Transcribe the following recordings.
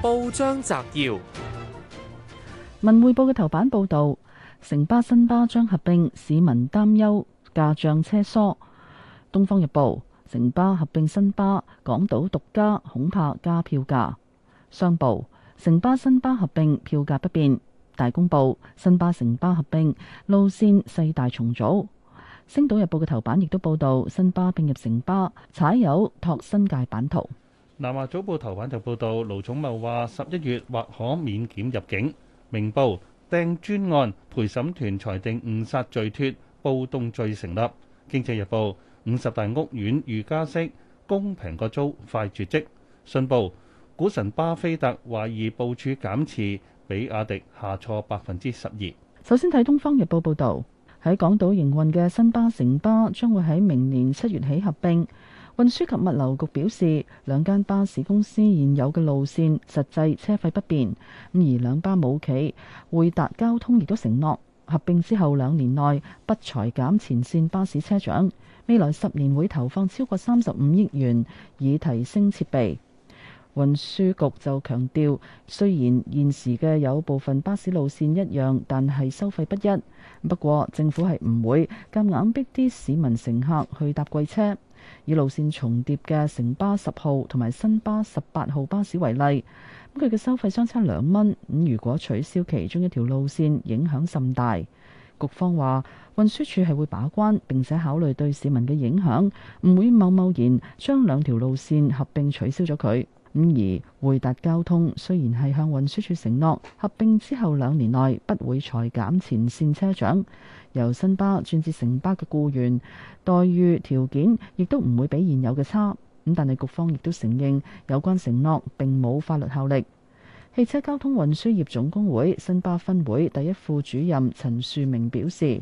報章摘要：《文匯報》嘅頭版報道，城巴新巴將合併，市民擔憂價漲車疏。《東方日報》城巴合併新巴，港島獨家恐怕加票價。《商報》城巴新巴合併，票價不變。《大公報》新巴城巴合併，路線四大重組。《星島日報》嘅頭版亦都報道，新巴併入城巴，踩油拓新界版圖。南華早報頭版就報道，盧寵茂話十一月或可免檢入境。明報掟磚案陪審團裁定誤殺罪脱，暴動罪成立。經濟日報五十大屋苑預加息，公平個租快絕迹。信報股神巴菲特懷疑部署減持，比亞迪下挫百分之十二。首先睇東方日報報道，喺港島營運嘅新巴城巴將會喺明年七月起合併。運輸及物流局表示，兩間巴士公司現有嘅路線實際車費不變。咁而兩巴母企匯達交通亦都承諾，合併之後兩年內不裁減前線巴士車長，未來十年會投放超過三十五億元，以提升設備。運輸局就強調，雖然現時嘅有部分巴士路線一樣，但係收費不一。不過政府係唔會夾硬硬逼啲市民乘客去搭貴車。以路線重疊嘅城巴十號同埋新巴十八號巴士為例，咁佢嘅收費相差兩蚊，咁如果取消其中一條路線，影響甚大。局方話運輸署係會把關，並且考慮對市民嘅影響，唔會貿貿然將兩條路線合併取消咗佢。咁而匯達交通雖然係向運輸署承諾，合併之後兩年內不會裁減前線車長，由新巴轉至城巴嘅僱員待遇條件亦都唔會比現有嘅差。咁但係局方亦都承認有關承諾並冇法律效力。汽車交通運輸業總工會新巴分會第一副主任陳樹明表示，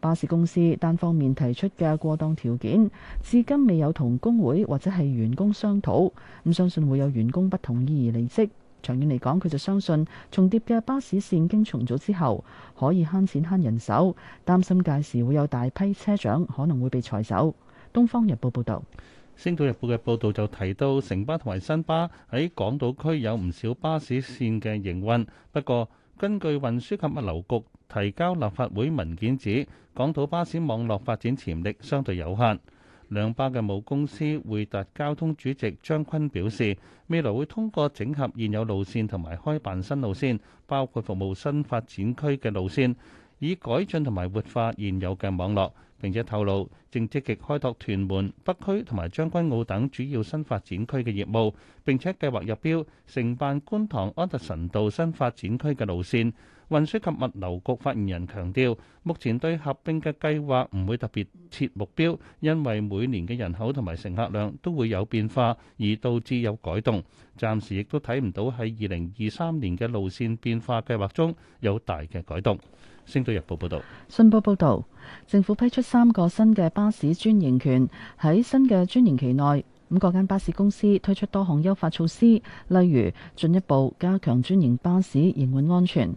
巴士公司單方面提出嘅過當條件，至今未有同工會或者係員工商討，咁相信會有員工不同意而離職。長遠嚟講，佢就相信重疊嘅巴士線經重組之後可以慳錢慳人手，擔心屆時會有大批車長可能會被裁走。《東方日報》報導。《星島日報》嘅報導就提到，城巴同埋新巴喺港島區有唔少巴士線嘅營運，不過根據運輸及物流局。提交立法會文件指，港島巴士網絡發展潛力相對有限。兩巴嘅母公司會達交通主席張坤表示，未來會通過整合現有路線同埋開辦新路線，包括服務新發展區嘅路線，以改進同埋活化現有嘅網絡，並且透露，正積極開拓屯門北區同埋將軍澳等主要新發展區嘅業務，並且計劃入標承辦觀塘安達臣道新發展區嘅路線。運輸及物流局發言人強調，目前對合併嘅計劃唔會特別設目標，因為每年嘅人口同埋乘客量都會有變化，而導致有改動。暫時亦都睇唔到喺二零二三年嘅路線變化計劃中有大嘅改動。星島日報報道，信報報道，政府批出三個新嘅巴士專營權，喺新嘅專營期內，咁各間巴士公司推出多項優化措施，例如進一步加強專營巴士營運安全。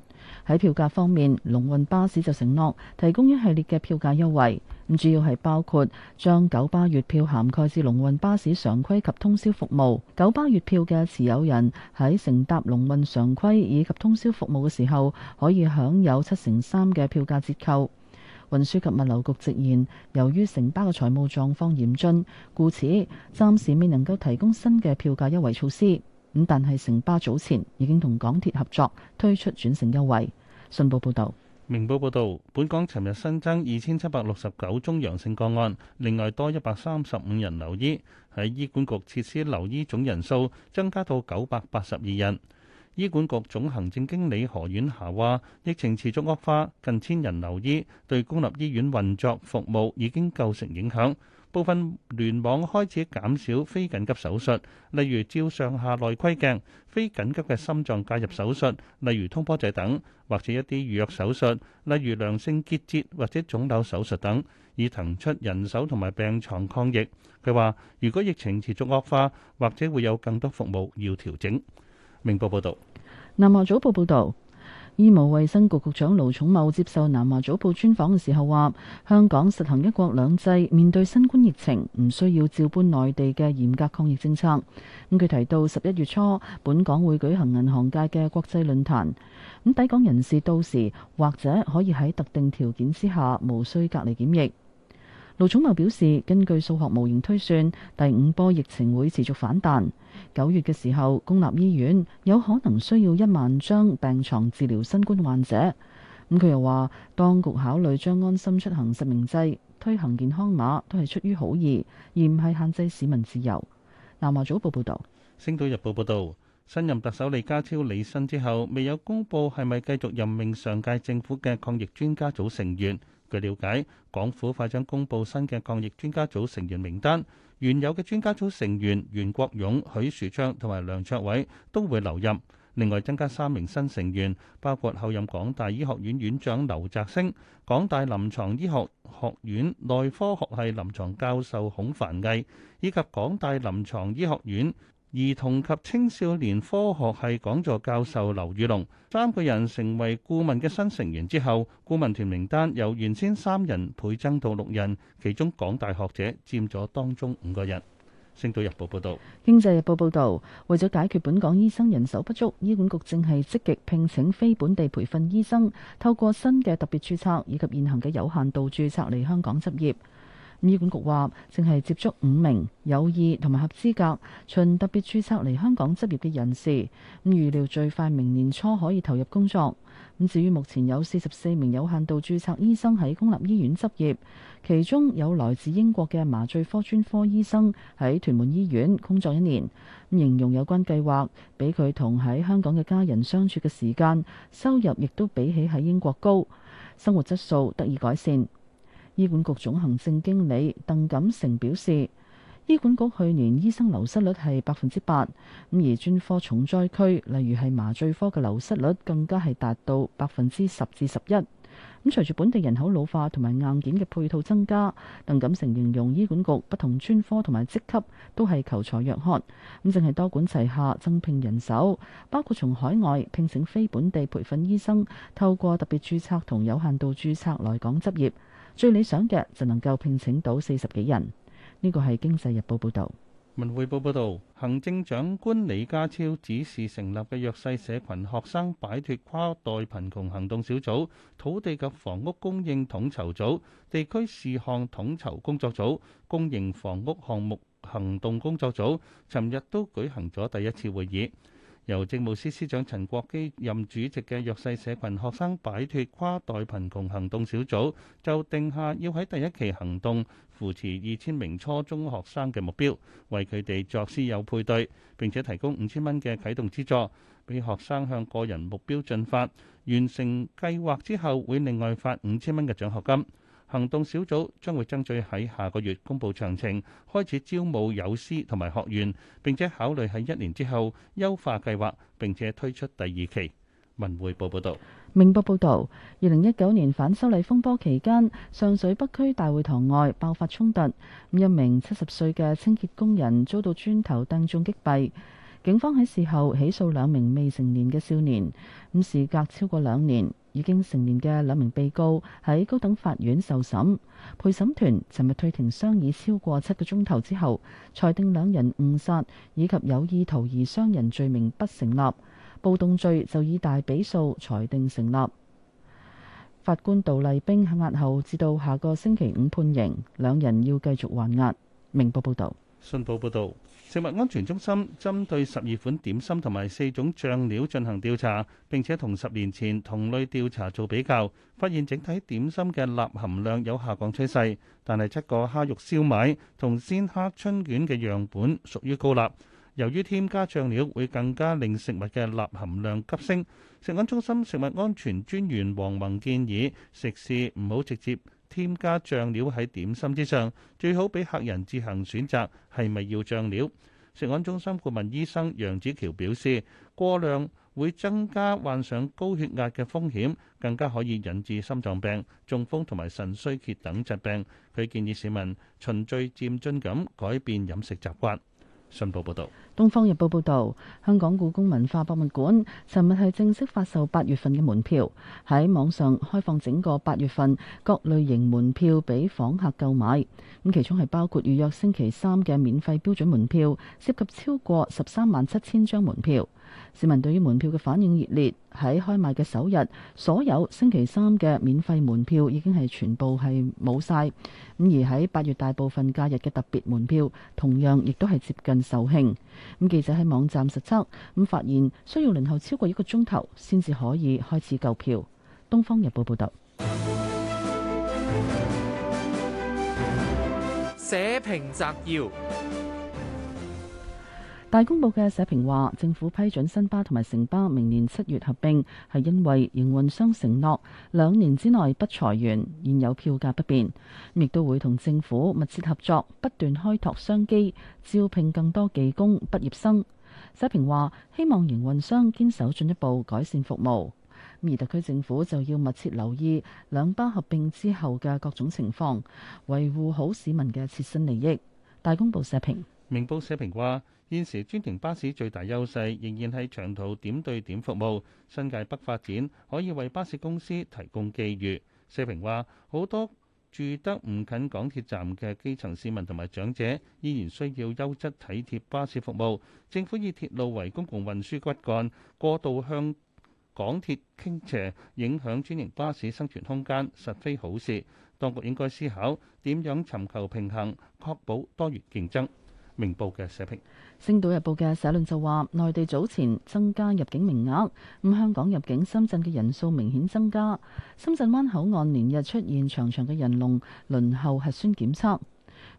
喺票價方面，龍運巴士就承諾提供一系列嘅票價優惠，咁主要係包括將九巴月票涵蓋至龍運巴士常規及通宵服務。九巴月票嘅持有人喺乘搭龍運常規以及通宵服務嘅時候，可以享有七成三嘅票價折扣。運輸及物流局直言，由於城巴嘅財務狀況嚴峻，故此暫時未能夠提供新嘅票價優惠措施。咁但係城巴早前已經同港鐵合作推出轉乘優惠。信報報道。明報報道：「本港尋日新增二千七百六十九宗陽性個案，另外多一百三十五人留醫，喺醫管局設施留醫總人數增加到九百八十二人。醫管局總行政經理何婉霞話：疫情持續惡化，近千人留醫，對公立醫院運作服務已經構成影響。」部分聯網開始減少非緊急手術，例如照上下內窺鏡、非緊急嘅心臟介入手術，例如通波仔等，或者一啲預約手術，例如良性結節或者腫瘤手術等，以騰出人手同埋病床抗疫。佢話：如果疫情持續惡化，或者會有更多服務要調整。明報報道。南華早報報道。醫務衛生局局長盧寵茂接受南華早報專訪嘅時候話，香港實行一國兩制，面對新冠疫情唔需要照搬內地嘅嚴格抗疫政策。咁、嗯、佢提到十一月初本港會舉行銀行界嘅國際論壇，咁、嗯、抵港人士到時或者可以喺特定條件之下無需隔離檢疫。盧寵茂表示，根據數學模型推算，第五波疫情會持續反彈。九月嘅時候，公立醫院有可能需要一萬張病床治療新冠患者。咁、嗯、佢又話，當局考慮將安心出行實名制推行健康碼，都係出於好意，而唔係限制市民自由。南華早報報導。《星島日報》報導，新任特首李家超履新之後，未有公佈係咪繼續任命上屆政府嘅抗疫專家組成員。據了解，港府快將公布新嘅抗疫專家組成員名單，原有嘅專家組成員袁國勇、許樹昌同埋梁卓偉都會留任，另外增加三名新成員，包括候任港大醫學院院長劉澤星、港大臨床醫學學院內科學系臨床教授孔凡毅，以及港大臨床醫學院。兒童及青少年科學系講座教授劉宇龍，三個人成為顧問嘅新成員之後，顧問團名單由原先三人倍增到六人，其中港大學者佔咗當中五個人。星島日報報道，經濟日報報道，為咗解決本港醫生人手不足，醫管局正係積極聘請非本地培訓醫生，透過新嘅特別註冊以及現行嘅有限度註冊嚟香港執業。醫管局話，正係接觸五名有意同埋合資格，循特別註冊嚟香港執業嘅人士。咁預料最快明年初可以投入工作。咁至於目前有四十四名有限度註冊醫生喺公立醫院執業，其中有來自英國嘅麻醉科專科醫生喺屯門醫院工作一年。形容有關計劃，俾佢同喺香港嘅家人相處嘅時間，收入亦都比起喺英國高，生活質素得以改善。醫管局總行政經理鄧錦成表示，醫管局去年醫生流失率係百分之八，咁而專科重災區，例如係麻醉科嘅流失率更加係達到百分之十至十一。咁隨住本地人口老化同埋硬件嘅配套增加，鄧錦成形容醫管局不同專科同埋職級都係求才若渴，咁淨係多管齊下，增聘人手，包括從海外聘請非本地培訓醫生，透過特別注冊同有限度注冊來港執業。最理想嘅就能夠聘請到四十幾人，呢、這個係經濟日報報導。文匯報報導，行政長官李家超指示成立嘅弱勢社群學生擺脱跨代貧窮行動小組、土地及房屋供應統籌組、地區事項統籌工作組、公營房屋項目行動工作組，尋日都舉行咗第一次會議。由政務司司長陳國基任主席嘅弱勢社群學生擺脱跨代貧窮行動小組就定下要喺第一期行動扶持二千名初中學生嘅目標，為佢哋作師友配對，並且提供五千蚊嘅啟動資助，俾學生向個人目標進發。完成計劃之後，會另外發五千蚊嘅獎學金。行動小組將會爭取喺下個月公布詳情，開始招募友師同埋學員，並且考慮喺一年之後優化計劃，並且推出第二期。文匯報報道：「明報報道，二零一九年反修例風波期間，上水北區大會堂外爆發衝突，一名七十歲嘅清潔工人遭到磚頭擲中擊斃，警方喺事後起訴兩名未成年嘅少年。咁時隔超過兩年，已經成年嘅兩名被告喺高等法院受審，陪審團尋日退庭商議超過七個鐘頭之後，裁定兩人誤殺以及有意圖而傷人罪名不成立，暴動罪就以大比數裁定成立。法官杜麗冰喺押後至到下個星期五判刑，兩人要繼續還押。明報報道。信報報導，食物安全中心針對十二款點心同埋四種醬料進行調查，並且同十年前同類調查做比較，發現整體點心嘅鈉含量有下降趨勢，但係七個蝦肉燒賣同鮮蝦春捲嘅樣本屬於高鈉。由於添加醬料會更加令食物嘅鈉含量急升，食安中心食物安全專員黃宏建議食肆唔好直接添加醬料喺點心之上，最好俾客人自行選擇係咪要醬料。食安中心顧問醫生楊子橋表示，過量會增加患上高血壓嘅風險，更加可以引致心臟病、中風同埋腎衰竭等疾病。佢建議市民循序漸進咁改變飲食習慣。信報報導，《東方日報》報道，香港故宮文化博物館尋日係正式發售八月份嘅門票，喺網上開放整個八月份各類型門票俾訪客購買，咁其中係包括預約星期三嘅免費標準門票，涉及超過十三萬七千張門票。市民對於門票嘅反應熱烈，喺開賣嘅首日，所有星期三嘅免費門票已經係全部係冇晒。咁而喺八月大部分假日嘅特別門票，同樣亦都係接近售罄。咁記者喺網站實測，咁發現需要輪候超過一個鐘頭先至可以開始購票。《東方日報》報道：社評摘要。大公報嘅社評話，政府批准新巴同埋城巴明年七月合併，係因為營運商承諾兩年之內不裁員、現有票價不變，亦都會同政府密切合作，不斷開拓商機，招聘更多技工畢業生。社評話，希望營運商堅守進一步改善服務，而特區政府就要密切留意兩巴合併之後嘅各種情況，維護好市民嘅切身利益。大公報社評。明報社評話，現時專營巴士最大優勢仍然係長途點對點服務。新界北發展可以為巴士公司提供機遇。社評話，好多住得唔近港鐵站嘅基層市民同埋長者，依然需要優質體貼巴士服務。政府以鐵路為公共運輸骨幹，過度向港鐵傾斜，影響專營巴士生存空間，實非好事。當局應該思考點樣尋求平衡，確保多元競爭。明《星島日報》嘅社論就話，內地早前增加入境名額，咁香港入境深圳嘅人數明顯增加，深圳灣口岸連日出現長長嘅人龍，輪候核酸檢測。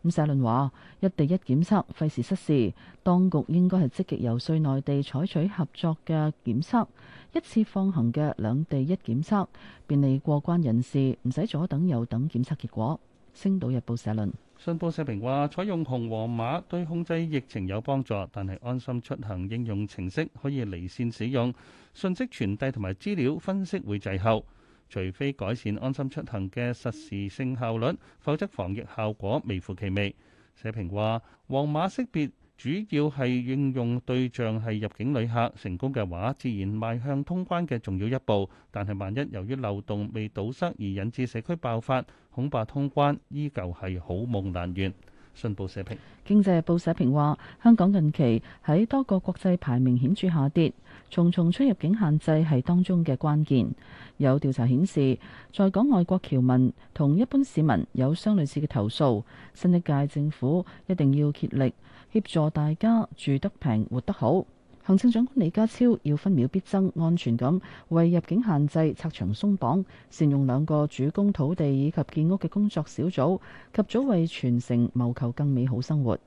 咁社論話，一地一檢測，費時失事，當局應該係積極游說內地採取合作嘅檢測，一次放行嘅兩地一檢測，便利過關人士唔使左等右等檢測結果。《星島日報》社論：信報社評話，採用紅黃碼對控制疫情有幫助，但係安心出行應用程式可以離線使用，訊息傳遞同埋資料分析會滯後。除非改善安心出行嘅實時性效率，否則防疫效果微乎其微。社評話，黃碼識別主要係應用對象係入境旅客，成功嘅話自然邁向通關嘅重要一步。但係萬一由於漏洞未堵塞而引致社區爆發，恐怕通關依舊係好夢難圓。信報社評。《經濟日報》社評話：香港近期喺多個國際排名顯著下跌，重重出入境限制係當中嘅關鍵。有調查顯示，在港外國僑民同一般市民有相類似嘅投訴，新一屆政府一定要竭力協助大家住得平、活得好。行政長官李家超要分秒必爭，安全咁，為入境限制拆牆鬆綁，善用兩個主攻土地以及建屋嘅工作小組，及早為全城謀求更美好生活。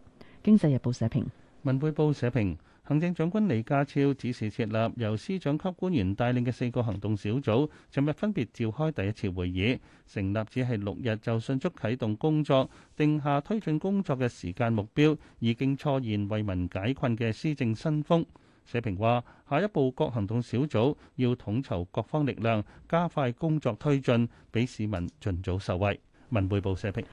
經濟日報社評、文匯報社評，行政長官李家超指示設立由司長級官員帶領嘅四個行動小組，尋日分別召開第一次會議，成立只係六日就迅速啟動工作，定下推進工作嘅時間目標，已經初現為民解困嘅施政新風。社評話：下一步各行動小組要統籌各方力量，加快工作推進，畀市民盡早受惠。文匯報社評。